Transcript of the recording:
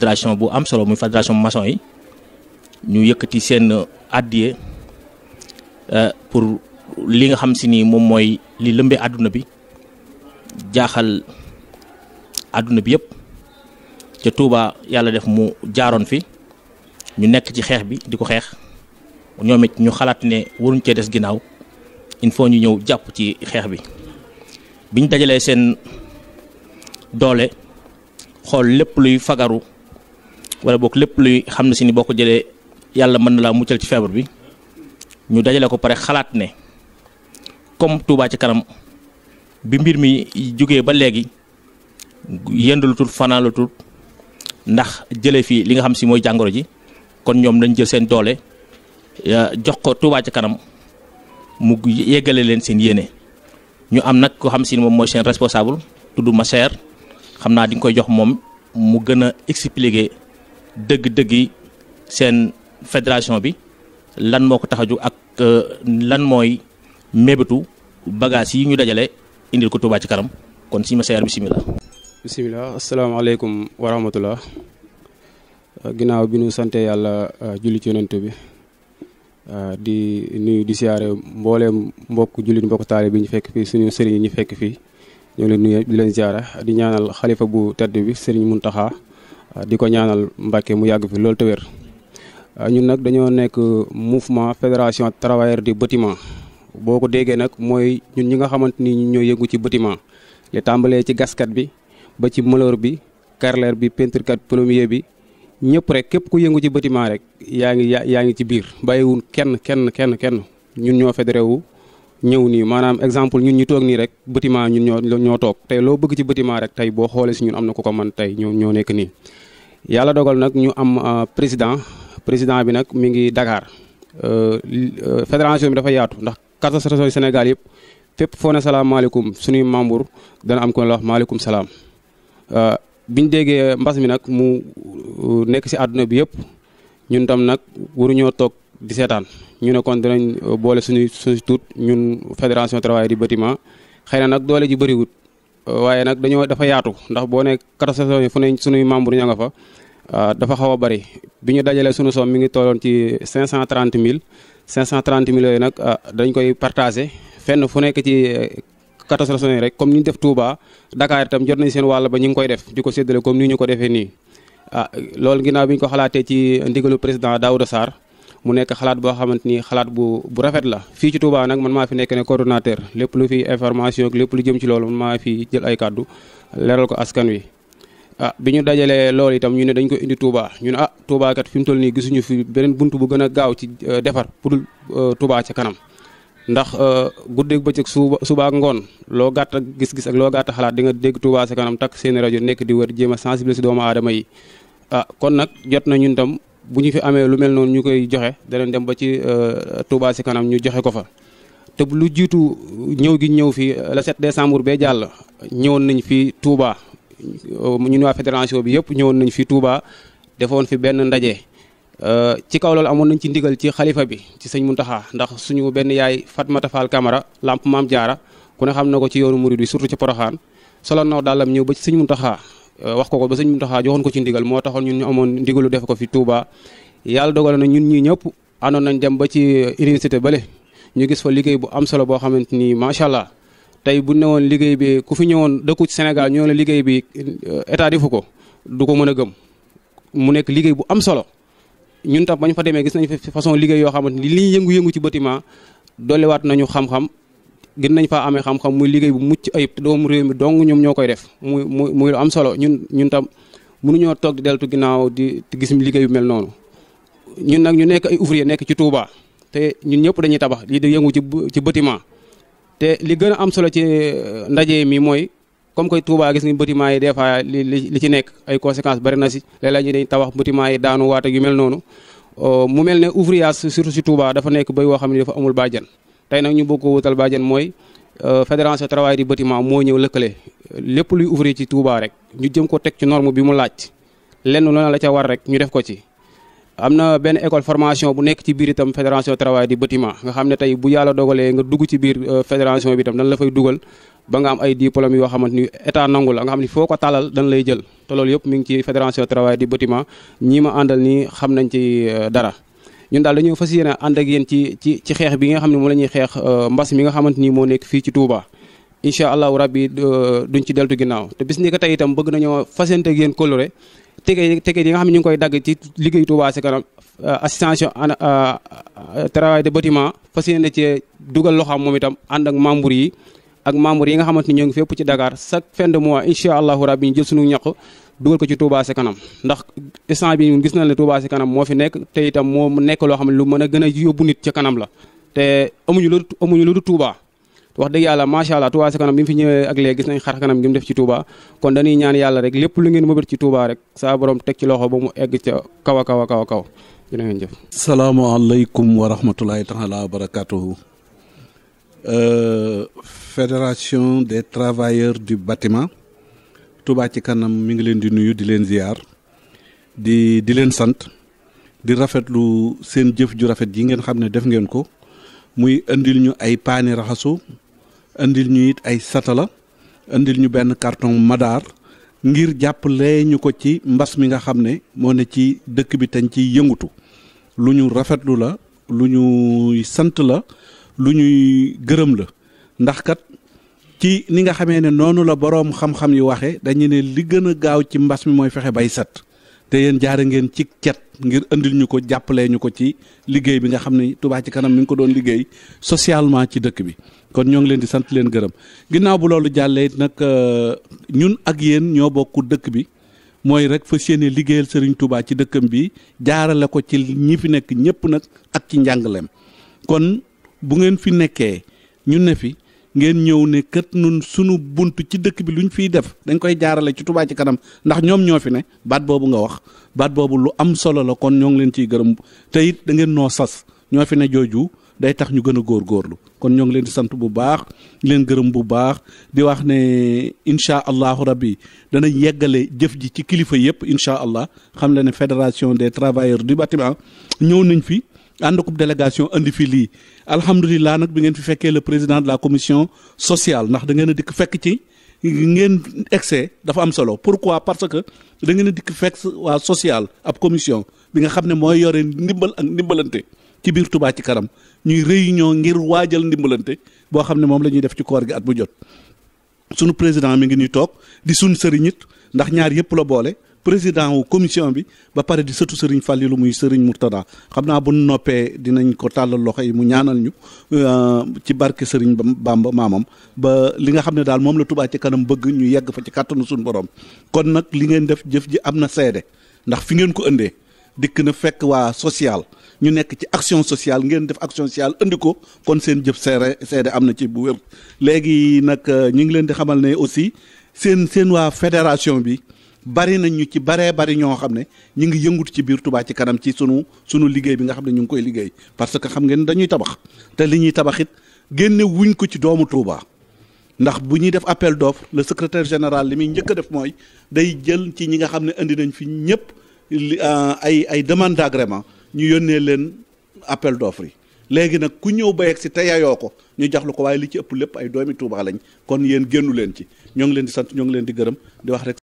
fédération bu am solo muy fédération maçon yi ñu yëkkati seen àddiye euh, pour li nga xam si ni moom mooy li lëmbee àdduna bi jaaxal àdduna bi yëpp ca Touba yàlla def mu jaaroon fi ñu nekk ci xeex bi di ko xeex ñoom ñu xalaat ne waruñ cee des ginnaaw il faut ñu ñëw jàpp ci xeex bi biñ dajalee seen doole xool lépp luy fagaru wala boog lépp luy xam na si ni boo ko jëlee yàlla mën na laa muccal ci feebar bi ñu dajale ko pare xalaat ne comme Touba ci kanam bi mbir mi jógee ba léegi yëndalutul fanaanalutul ndax jële fii li nga xam si mooy jàngoro ji kon ñoom dañ jël seen doole jox ko Touba ci kanam mu yeggale leen seen yéene ñu am nag ko xam si ne moom mooy seen responsable tudd ma seer xam naa di koy jox moom mu gën a expliquer dëgg-dëggi seen fédération bi lan moo ko tax a jóg ak euh, lan mooy mébétu bagage yi ñu dajale indil ko Touba ci kanam kon si ma seer bisimilah. bisimilah asalaamaaleykum wa rahmatulah euh, ginnaaw bi nu sante yàlla euh, julli ci yonent bi di nuyu di siyaare mbooleem mbokk jullit mbokk taale bi ñu fekk fii suñu sëriñ ñu fekk fii ñoo leen nuyu di leen siyaare di ñaanal xalifa bu tedd bi sëriñ Muntaxa Ah, di ko ñaanal Mbàkke mu yàgg fi loolu te wér ah, ñun nag dañoo nekk mouvement fédération travailleurs di batiment boo ko déggee nag mooy ñun ñi nga xamante ni ñoo yëngu ci batiment li tàmbalee ci gaskat bi ba ci mëleur bi carreleur bi peintrekat plombier bi ñëpp rek képp ku yëngu ci batiment rek yaa ngi yaa ngi ci biir bàyyiwun kenn kenn kenn kenn ñun ñoo fédéré ñëw nii maanaam exemple ñun ñu toog nii rek bâtiment ñun ñoo ñoo toog tey loo bëgg ci bâtiment rek tey boo xoolee si ñun am na ko ko man tey ñoo ñoo nekk nii yàlla dogal nag ñu am euh, président président bi nag mi ngi Dakar euh, euh, fédération bi dafa yaatu ndax carte sénégal Sénégal yëpp fépp foo ne salaamaaleykum suñuy membre dana am ko la wax maaleykum salaam biñ déggee mbas mi nag mu nekk si àdduna bi yëpp ñun tam nag waruñoo toog di seetaan ñu ne kon dinañ euh, boole suñu suñu tuut ñun fédération travail du bâtiment xëy na nag doole ji bëriwut euh, waaye nag dañoo dafa yaatu ndax boo ne catastrophe fu ne suñuy membre ña nga fa euh, dafa xaw a bëri ñu dajalee suñu somme mi ngi tolloon ci cinq cent mille cinq cent trente mille yooyu nag dañ fenn fu nekk ci catastrophe yi rek comme ni ñu def Touba Dakar itam jot nañ seen wàll ba ñu ngi koy def di ko séddale comme ni ñu ko defee nii lool ah, loolu ginnaaw bi ñu ko xalaatee ci ndigalu président Daouda Sarr mu nekk xalaat boo xamante ni xalaat bu bu rafet la fii ci Touba nag man maa fi nekk ne coordonnateur lépp lu fi information lépp lu jëm ci loolu man maa fi jël ay kàddu leeral ko askan wi. ah bi ñu dajalee loolu itam ñu ne dañ ko indi Touba ñu ne ah Touba kat fi mu toll nii gisuñu fi beneen bunt bu gën a gaaw ci euh, defar pour euh, Touba ca kanam. ndax euh, guddeeg bëccëg suba suba ak ngoon loo gàtt gis-gis ak loo gàtt xalaat di nga dégg Touba ca kanam takk seen rajo nekk di wër jéem a sensibiliser doomu aadama yi ah, bu ñu fi amee lu mel noonu ñu koy joxe danañ dem ba ci euh, Touba si kanam ñu joxe ko fa te lu jiitu ñëw gi ñëw fii euh, le 7 décembre bee jàll ñëwoon nañ fi ñu euh, ñun waa fédération bi yëpp ñëwoon nañ fi Touba defoon fi benn ndaje ci kaw loolu amoon nañ ci ndigal ci xalifa bi ci sëñ Muntaxa ndax suñu benn yaay Fatmata Fall Camara lamp maam jaara ku ne xam na ko ci yoonu murid bi surtout ci Poroxaan solo noo dàllam ñëw ba ci sëñ Muntaxa Euh, wax ko ko ba sëñ Muntaxa joxoon ko ci ndigal moo taxoon ñu amoon ndigalu def ko fi Touba yàlla dogal na ñun ñii ñëpp àndoon nañ dem ba ci université bale ñu gis fa liggéey bu am solo boo xamante ni macha allah tey bu newoon liggéey bi ku fi ñëwoon dëkku ci Sénégal ñoo la liggéey bi euh, état defu ko du ko mën a gëm mu nekk liggéey bu am solo ñun tam bañ fa demee gis nañ fa façon liggéey yoo xamante ni li yëngu-yëngu ci bâtiment dolliwaat nañu xam-xam gin nañ faa amee xam-xam muy liggéey bu mucc ayib te doomu réew mi dong ñoom ñoo koy def muy muy muy am solo ñun ñun tam mënuñoo toog di deltu ginnaaw di gis liggéey bu mel noonu ñun nag ñu nekk ay ouvrier nekk ci Touba te ñun ñëpp dañuy tabax lii di yëngu ci ci bâtiment te li gën a am solo ci euh, ndaje mi mooy comme que Touba gis nga bâtiment yi des fois li li ci nekk ay conséquences bari na si léeg-léeg ñu yi daanu waat yu mel noonu euh, mu mel ne ouvrier surtout si Touba dafa nekk bay woo xam ne dafa amul bàjjan tey nag ñu bëgg ko wutal bàjjen mooy euh, fédération travail du bâtiment moo ñëw lëkkale lépp luy ouvrier ci tuubaa rek ñu jëm ko teg ci norme bi mu laaj lenn lu na la ca war rek ñu def ko ci. am na benn école formation bu nekk ci biir itam fédération travail di batiment nga xam ne tey bu yàlla dogalee nga dugg ci biir euh, fédération bi tam dañ la fay dugal ba nga am ay diplôme yoo xamante ni état nangu la nga xam ni foo ko tàllal dañ lay jël te loolu yëpp mi ngi ci fédération travail du bâtiment ñii ma àndal nii xam nañ ci euh, dara. ñun daal dañoo fas yéene ànd ak ci ci ci xeex bi nga xam ne moom la ñuy xeex euh, mbas mi nga xamante ni moo nekk fii ci Touba incha allahu rabbi euh, duñ ci deltu ginnaaw te bis ni ko tey itam bëgg nañoo fasante ak yéen coloré tege tege yi nga xam ne ñu ngi koy dagg ci liggéey Touba ci kanam euh, assistance travail de bâtiment fas yéene cee dugal loxoom moom itam ànd ak membre yi ak membres yi nga xamante ni ñoo ngi fépp ci Dakar chaque fin de mois incha allahu rabi ñu jël sunu ñaq dugal ko ci Touba Ca Kanam ndax instant bi gis nañ ne Touba Ca Kanam moo fi nekk te itam moo nekk loo xam ne lu mën a gën a yóbbu nit ca kanam la te amuñu lu amuñu lu du tuubaa wax dëgg yàlla macha allah Touba Ca Kanam bi mu fi ñëwee ak léegi gis nañ xar kanam gi mu def ci Touba kon dañuy ñaan yàlla rek lépp lu ngeen mëbët ci Touba rek saa borom teg ci loxo ba mu egg ca kaw a kaw a kaw a kaw jërë ngeen jëf. salaamaaleykum wa rahmatulahi taala wa barakatuhu Euh, fédération des travailleurs du bâtiment tubaa ci kanam mi ngi leen di nuyu di leen ziar di di leen sant di rafetlu seen jëf ju rafet yi ngeen xam ne def ngeen ko muy indil ñu ay paani raxasu indil ñu it ay satala indil ñu benn carton madaar ngir jàppale ñu ko ci mbas mi nga xam ne moo ne ci dëkk bi tañ ci yëngutu lu ñu rafetlu la lu ñuy sant la lu ñuy gërëm la ndax kat ci ni nga xamee ne noonu la boroom xam-xam yi waxe dañu ne li gën a gaaw ci mbas mi mooy fexe bay sat te yéen jaare ngeen ci cet ngir andil ñu ko jàppalee ñu ko ci liggéey bi nga xam ne tubaa ci kanam mi ngi ko doon liggéey socialement ci dëkk bi kon ñoo ngi leen di sant leen gërëm ginnaaw bu loolu jàllee nag euh, ñun ak yéen ñoo bokk dëkk bi mooy rek fas yéene liggéeyal Serigne Touba ci dëkkam bi jaarale ko ci ñi fi nekk ñëpp nag ak ci njàngaleem bu ngeen fi nekkee ñu ne fi ngeen ñëw ne kat nun suñu bunt ci dëkk bi lu ñu fiy def dañ koy jaarale ci Touba ci kanam ndax ñoom ñoo fi ne baat boobu nga wax baat boobu lu am solo la kon ñoo ngi leen ciy gërëm teyit it da ngeen noo sas ñoo fi ne jooju day tax ñu gën a góorgóorlu kon ñoo ngi leen di sant bu baax leen gërëm bu baax di wax ne incha allahu rabbi danañ yeggale jëf ji ci kilifa yëpp incha allah xam la ne fédération des travailleurs du bâtiment ñëw nañ fi. ànd ko délégation indi fi lii alhamdulilah nag bi ngeen fi fekkee le président de la commission sociale ndax da ngeen a dikk fekk ci ngeen excès dafa am solo pour quoi parce que da ngeen a dikk fekk waa sociale ab commission bi nga xam ne mooy yore ndimbal ak ndimbalante ci biir Touba ci kanam ñuy réunion ngir waajal ndimbalante boo xam ne moom la ñuy def ci koor gi at bu jot. sunu président mi ngi ñuy toog di sunu sëriñit ndax ñaar yëpp la boole président wu commission bi ba pare di sëtu sëriñ lu muy sëriñ Mourtada xam naa bu nu noppee dinañ ko tàllal loxo yi mu ñaanal ñu euh, ci barke sëriñ Bamba maamam ba li nga xam ne daal moom la Touba ci kanam bëgg ñu yegg fa ci kàttanu suñu borom kon nag li ngeen def jëf ji am na seede ndax fi ngeen ko ëndee dikk na fekk waa social ñu nekk ci action sociale ngeen def action sociale indi ko kon seen jëf seere seede am na ci bu wépp léegi nag euh, ñu ngi leen di xamal ne aussi seen seen waa fédération bi bari nañ ñu ci baree bari ñoo xam ne ñu ngi yëngut ci biir Touba ci kanam ci sunu sunu liggéey bi nga xam ne ñu ngi koy liggéey parce que xam ngeen dañuy tabax te li ñuy tabaxit it génne wuñ ko ci doomu Touba ndax bu ñuy def appel d'offre le secrétaire général li muy njëkk a def mooy day jël ci ñi nga xam ne andi nañ fi ñëpp li euh, ay ay demande d'agrément ñu yónnee leen appel d'offre léegi nag ku ñëw ba yegg si te yayoo ko ñu jaxlu ko waaye li ci ëpp lépp ay doomi Tuuba lañ kon yéen génnu leen ci ñoo ngi leen di sant ñoo ngi leen di gërëm di wax rek